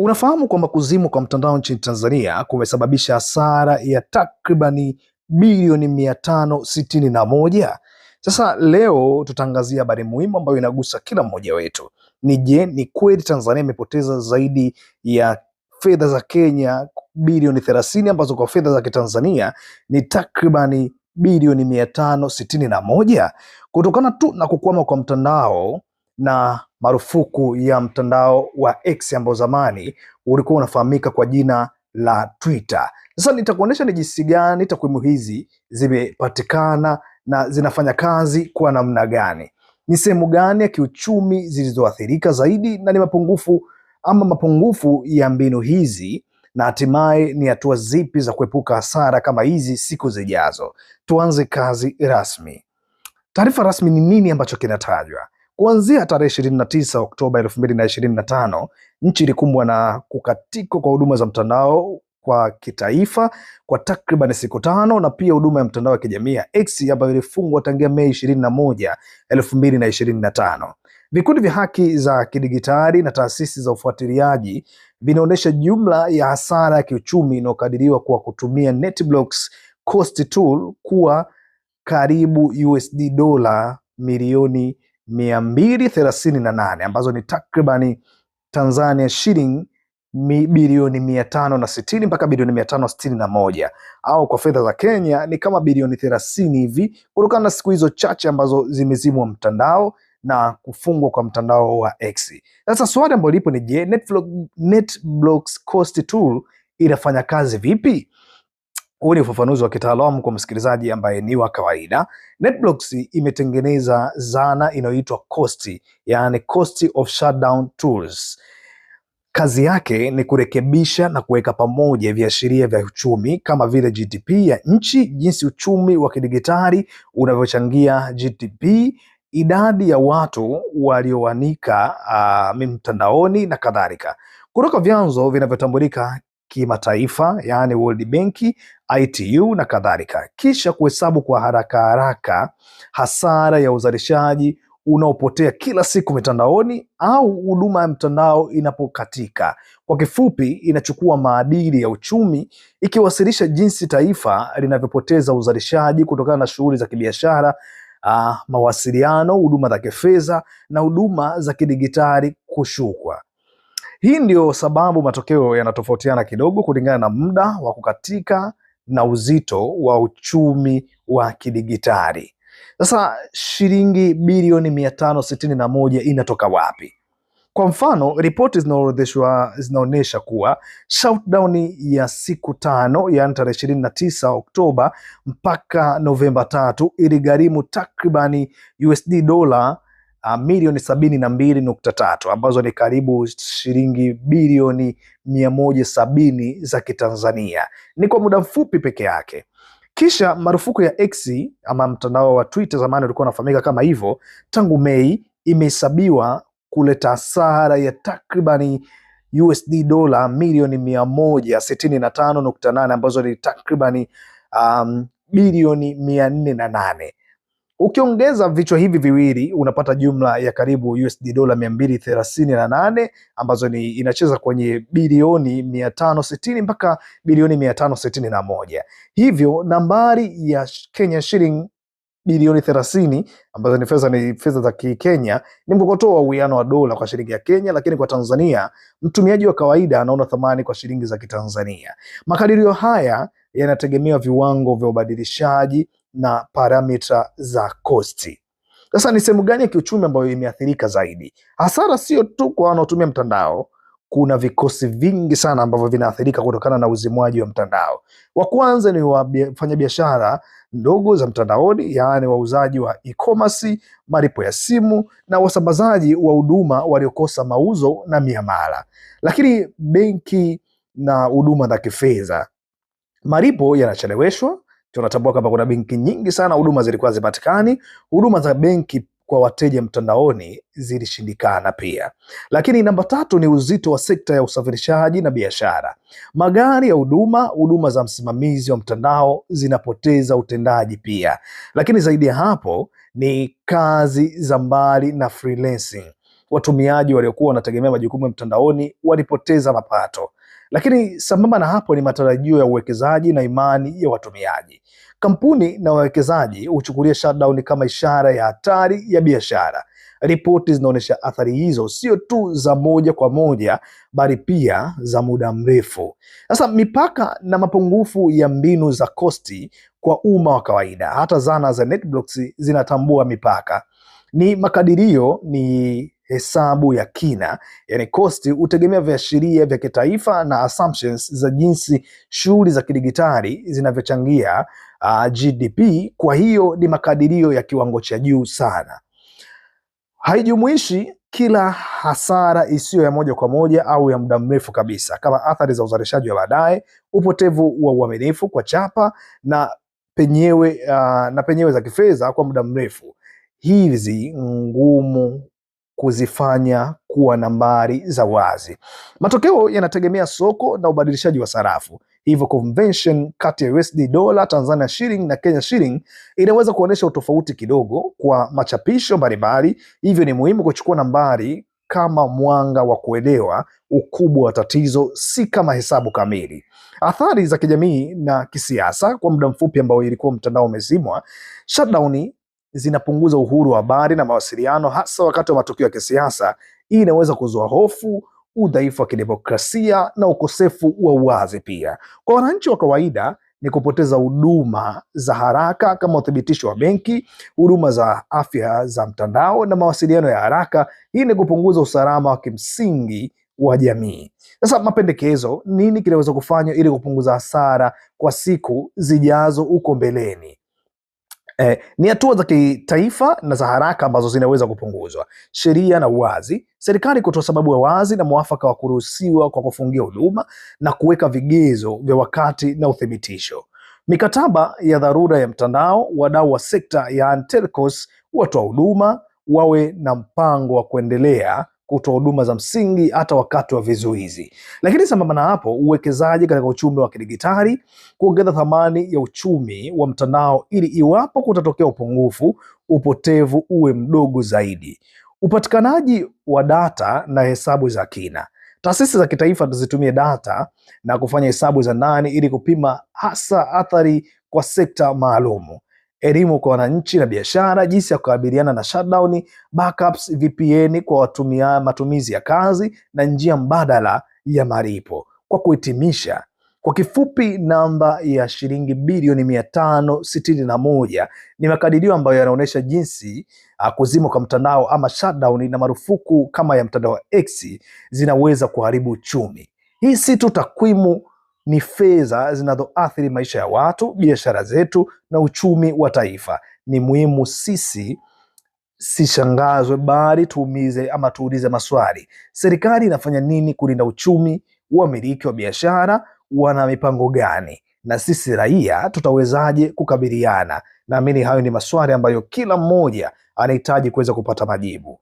Unafahamu kwamba kuzimwa kwa mtandao nchini Tanzania kumesababisha hasara ya takribani bilioni mia tano sitini na moja. Sasa leo tutaangazia habari muhimu ambayo inagusa kila mmoja wetu. Ni je, ni kweli Tanzania imepoteza zaidi ya fedha za Kenya bilioni thelathini ambazo kwa fedha za Kitanzania ni takribani bilioni mia tano sitini na moja kutokana tu na kukwama kwa mtandao na marufuku ya mtandao wa X ambao zamani ulikuwa unafahamika kwa jina la Twitter. Sasa nitakuonesha ni jinsi gani takwimu hizi zimepatikana na zinafanya kazi kwa namna gani, ni sehemu gani ya kiuchumi zilizoathirika zaidi, na ni mapungufu ama mapungufu ya mbinu hizi, na hatimaye ni hatua zipi za kuepuka hasara kama hizi siku zijazo. Tuanze kazi rasmi. Taarifa rasmi ni nini ambacho kinatajwa? Kuanzia tarehe 29 Oktoba 2025 nchi ilikumbwa na kukatika kwa huduma za mtandao kwa kitaifa kwa takriban siku tano na pia huduma ya mtandao wa kijamii ya X ambayo ilifungwa tangia Mei 21, 2025. Vikundi vya haki za kidigitali na taasisi za ufuatiliaji vinaonyesha jumla ya hasara ya kiuchumi inayokadiriwa kwa kutumia NetBlocks Cost Tool kuwa karibu USD dola milioni mia mbili thelathini na nane ambazo ni takribani Tanzania shilingi bilioni mia tano na sitini mpaka bilioni mia tano sitini na moja au kwa fedha za Kenya ni kama bilioni thelathini hivi, kutokana na siku hizo chache ambazo zimezimwa mtandao na kufungwa kwa mtandao wa X. Sasa swali ambalo lipo ni je, Netflix, NetBlocks Cost Tool inafanya kazi vipi? Huu ni ufafanuzi wa kitaalamu kwa msikilizaji ambaye ni wa kawaida. NetBlocks imetengeneza zana inayoitwa COST, yani Cost of Shutdown Tools. Kazi yake ni kurekebisha na kuweka pamoja viashiria vya uchumi kama vile GDP ya nchi, jinsi uchumi wa kidigitali unavyochangia GDP, idadi ya watu walioanika uh, mtandaoni na kadhalika, kutoka vyanzo vinavyotambulika kimataifa, yani World Bank, ITU na kadhalika, kisha kuhesabu kwa haraka haraka hasara ya uzalishaji unaopotea kila siku mitandaoni au huduma ya mtandao inapokatika. Kwa kifupi, inachukua maadili ya uchumi ikiwasilisha jinsi taifa linavyopoteza uzalishaji kutokana na shughuli za kibiashara, ah, mawasiliano, huduma za kifedha na huduma za kidigitali kushukwa. Hii ndio sababu matokeo yanatofautiana kidogo kulingana na muda wa kukatika na uzito wa uchumi wa kidigitali. Sasa shilingi bilioni mia tano sitini na moja inatoka wapi? Kwa mfano, ripoti zinaorodheshwa zinaonyesha kuwa shutdown ya siku tano, yaani tarehe ishirini na tisa Oktoba mpaka Novemba tatu iligharimu takribani USD dola uh, milioni sabini na mbili nukta tatu ambazo ni karibu shilingi bilioni mia moja sabini za Kitanzania. Ni kwa muda mfupi peke yake. Kisha marufuku ya X ama mtandao wa Twitter, zamani ulikuwa unafahamika kama hivyo, tangu Mei imehesabiwa kuleta hasara ya takribani USD dola milioni mia moja sitini na tano nukta nane ambazo ni takribani um, bilioni mia nne na nane Ukiongeza vichwa hivi viwili unapata jumla ya karibu USD dola mia mbili thelathini na nane ambazo ni inacheza kwenye bilioni mia tano sitini mpaka bilioni mia tano sitini na moja hivyo nambari ya Kenya shilling bilioni thelathini ambazo ni fedha ni fedha za Kikenya ni mkokoto wa uwiano wa dola kwa shilingi ya Kenya, lakini kwa Tanzania mtumiaji wa kawaida anaona thamani kwa shilingi za Kitanzania. Makadirio haya yanategemea viwango vya ubadilishaji na paramita za kosti. Sasa ni sehemu gani ya kiuchumi ambayo imeathirika zaidi? Hasara sio tu kwa wanaotumia mtandao, kuna vikosi vingi sana ambavyo vinaathirika kutokana na uzimwaji wa mtandao. Wa kwanza ni wafanyabiashara ndogo za mtandaoni, yaani wauzaji wa e-commerce, malipo ya simu na wasambazaji wa huduma waliokosa mauzo na miamala. Lakini benki na huduma za kifedha, malipo yanacheleweshwa, tunatambua kwamba kuna benki nyingi sana huduma zilikuwa zipatikani, huduma za benki kwa wateja mtandaoni zilishindikana pia. Lakini namba tatu ni uzito wa sekta ya usafirishaji na biashara. Magari ya huduma, huduma za msimamizi wa mtandao zinapoteza utendaji pia. Lakini zaidi ya hapo ni kazi za mbali na freelancing. Watumiaji waliokuwa wanategemea majukumu ya mtandaoni walipoteza mapato. Lakini sambamba na hapo ni matarajio ya uwekezaji na imani ya watumiaji. Kampuni na wawekezaji huchukulia shutdown kama ishara ya hatari ya biashara. Ripoti zinaonyesha athari hizo sio tu za moja kwa moja, bali pia za muda mrefu. Sasa mipaka na mapungufu ya mbinu za kosti kwa umma wa kawaida, hata zana za NetBlocks zinatambua mipaka. Ni makadirio ni hesabu ya kina, yani cost hutegemea viashiria vya kitaifa na assumptions za jinsi shughuli za kidigitali zinavyochangia uh, ah, GDP. Kwa hiyo ni makadirio ya kiwango cha juu sana, haijumuishi kila hasara isiyo ya moja kwa moja au ya muda mrefu kabisa kama athari za uzalishaji wa baadaye, upotevu wa uaminifu kwa chapa na penyewe, uh, na penyewe za kifedha kwa muda mrefu. Hizi ngumu kuzifanya kuwa nambari za wazi. Matokeo yanategemea soko na ubadilishaji wa sarafu, hivyo convention kati ya USD dola, Tanzania shilling na Kenya shilling inaweza kuonyesha utofauti kidogo kwa machapisho mbalimbali. Hivyo ni muhimu kuchukua nambari kama mwanga wa kuelewa ukubwa wa tatizo, si kama hesabu kamili. Athari za kijamii na kisiasa. Kwa muda mfupi ambao ilikuwa mtandao umezimwa, shutdown zinapunguza uhuru wa habari na mawasiliano, hasa wakati wa matukio ya kisiasa. Hii inaweza kuzua hofu, udhaifu wa kidemokrasia na ukosefu wa uwazi. Pia kwa wananchi wa kawaida ni kupoteza huduma za haraka kama uthibitisho wa benki, huduma za afya za mtandao na mawasiliano ya haraka. Hii ni kupunguza usalama wa kimsingi wa jamii. Sasa mapendekezo, nini kinaweza kufanywa ili kupunguza hasara kwa siku zijazo huko mbeleni? Eh, ni hatua za kitaifa na za haraka ambazo zinaweza kupunguzwa. Sheria na uwazi, serikali kutoa sababu ya wazi na mwafaka wa kuruhusiwa kwa kufungia huduma na kuweka vigezo vya wakati na uthibitisho. Mikataba ya dharura ya mtandao, wadau wa sekta ya telcos, watoa huduma wawe na mpango wa kuendelea kutoa huduma za msingi hata wakati wa vizuizi. Lakini sambamba na hapo, uwekezaji katika uchumi wa kidigitali, kuongeza thamani ya uchumi wa mtandao ili iwapo kutatokea upungufu, upotevu uwe mdogo zaidi. Upatikanaji wa data na hesabu za kina. Taasisi za kitaifa zitumie data na kufanya hesabu za ndani ili kupima hasa athari kwa sekta maalumu elimu kwa wananchi na biashara, jinsi ya kukabiliana na shutdown, backups, VPN kwa watumia, matumizi ya kazi na njia mbadala ya malipo. Kwa kuhitimisha, kwa kifupi, namba ya shilingi bilioni mia tano sitini na moja ni makadirio ambayo yanaonyesha jinsi ah, kuzima kwa mtandao ama shutdown na marufuku kama ya mtandao wa X zinaweza kuharibu uchumi. Hii si tu takwimu ni fedha zinazoathiri maisha ya watu, biashara zetu na uchumi wa taifa. Ni muhimu sisi sishangazwe, bali tuumize ama tuulize maswali: serikali inafanya nini kulinda uchumi? Wamiliki wa biashara wana mipango gani? na sisi raia tutawezaje kukabiliana? Naamini hayo ni maswali ambayo kila mmoja anahitaji kuweza kupata majibu.